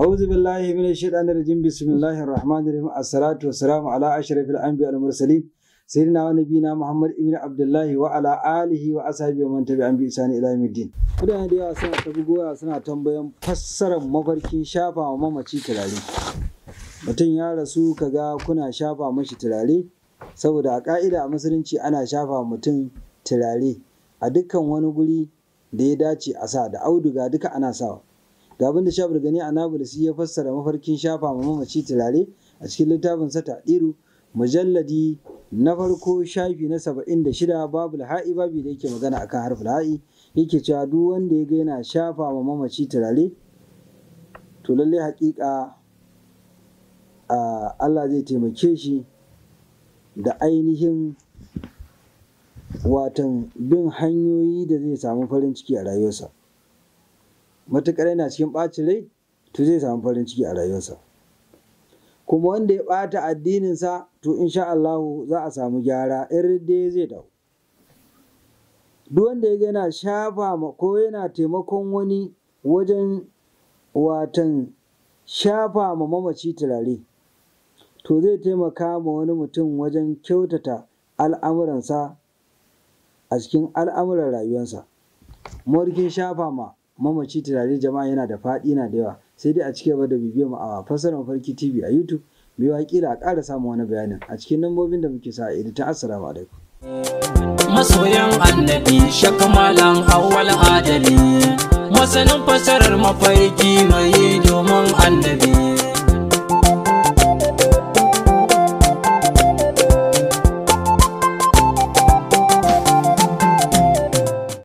أعوذ بالله من الشيطان الرجيم بسم الله الرحمن الرحيم الصلاة والسلام على أشرف الأنبياء والمرسلين سيدنا ونبينا محمد ابن عبد الله وعلى آله وأصحابه ومن تبعهم بإحسان إلى يوم الدين. Kudan da yawa suna ta bugowa suna tambayan fassarar mafarkin shafa wa mamaci turare. Mutum ya rasu "Ka ga, kuna shafa mashi turare saboda a ka'ida a musulunci ana shafa mutum turare a dukkan wani guri da ya dace a sa da auduga duka ana sawa. ga abin da shabir gani a nablus ya fassara mafarkin shafa ma mamaci turare a cikin littafin sa ɗiru mujalladi na farko shafi na saba'in da shida babu lahai babu da yake magana akan harfi lahai yake cewa duk wanda ya ga yana shafa ma mamaci turare to lalle hakika Allah zai taimake shi da ainihin watan bin hanyoyi da zai samu farin ciki a rayuwarsa matuƙar yana cikin ɓacin rai to zai samu farin ciki a rayuwarsa kuma wanda ya ɓata addininsa to insha Allahu za a samu gyara in dai zai dawo duk wanda ya na shafa ma ko yana taimakon wani wajen watan shafa ma mamaci turare to zai taimaka ma wani mutum wajen kyautata al'amuransa a cikin al'amuran rayuwarsa morkin shafa ma mamaci tunanin jama'a yana da faɗi na da yawa sai dai a ci gaba da bibiyar mu a fasarar mafarki tv a youtube mai wakila a ƙara samun wani bayanin a cikin lambobin da muke sa a editan assalamu alaikum masoyan annabi shakamalan awwal adali masanin fasarar mafarki mai